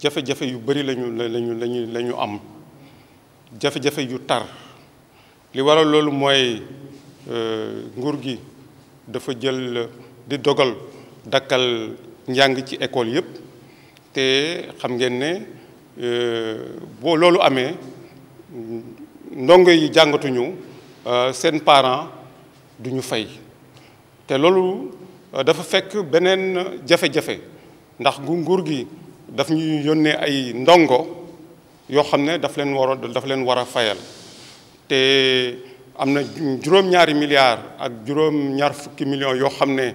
jafe-jafe yu bari lañu lañu lañu la ñu am jafe-jafe yu tar li waral loolu mooy euh, nguur gi dafa jël di dogal dakkal njàng ci école yépp te xam ngeen ne euh, boo loolu amee ndongo yi jàngatuñu Euh, sen parents duñu fay té lolu euh, dafa fekk benen jafé jafé ndax gu nguur gi daf ñu yónnee ay ndongo yo xamné daf leen waro daf leen wara fayal té amna juroom ñaari milliards ak juroom ñaar fukki millions yo xamné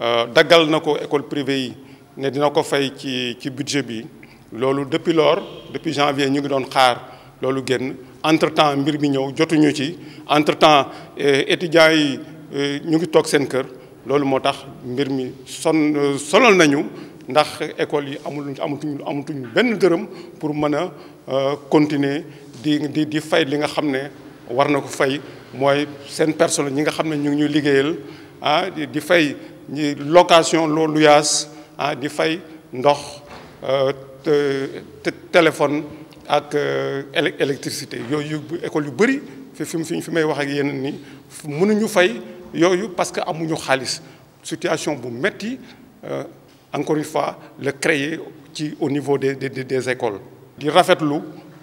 euh, dagal nako école privée yi né dina ko fay ci ci budget bi lolu depuis lors depuis janvier ñu ngi doon xaar lolu genn entre temps mbir mi ñëw jotuñu ci entre temps eh, étudiants yi eh, ñu ngi toog seen kër loolu moo tax mbir mi son euh, sonal nañu ndax école yi amul amatuñu amatuñu benn dërëm pour mën a euh, continuer di di di fay li nga xam ne war na ko fay mooy seen personnel ñi nga xam ne ñu ngi ñuy liggéeyal ah di fay ñi location loo luyaas ah, di fay ndox euh, téléphone ak euh, électricité yoyu école yu bari fi fi fi may wax ak yeneen ni mënuñu fay yoyu parce que amuñu xaliss situation bu metti euh, encore une fois le créer ci au niveau des des des écoles. di rafetlu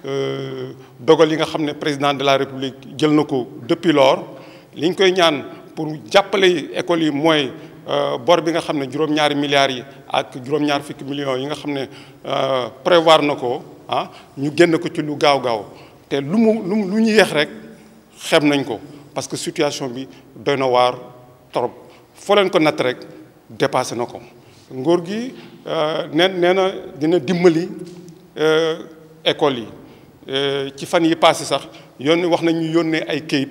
euh, dogal yi nga xam président de la république jël nako depuis lors liñ koy ñaan pour jàppale école yi mooy. Euh, bor bi nga xamné juroom juróom-ñaari milliards yi ak juroom ñaar fukki millions yi nga xamné euh prévoir nako ah ñu génn ko ci lu gaaw gaaw té lu mu lu ñu yex rek xem nañ ko parce que situation bi doy na waar trop fo leen ko nat rek dépasser nako ngor gi euh néna dina dimbali euh école yi euh, ci fan yi passé sax yónni wax nañ ñu yónnee ay kayit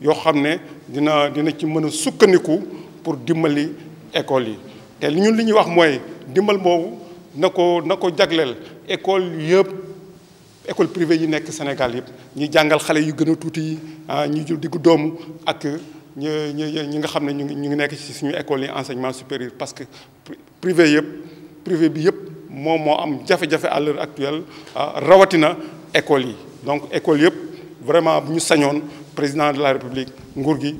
yo xamné dina dina ci mëna a sukkandiku pour dimbali école yi té li li wax dimbal école école privée yi Sénégal nous ñi yu nous ah, diggu nous ak ñi ñi nga xamné enseignement supérieur parce que privé yépp privé bi am à l'heure actuelle ah, rawatina école donc école vraiment bu président de la république nguur gi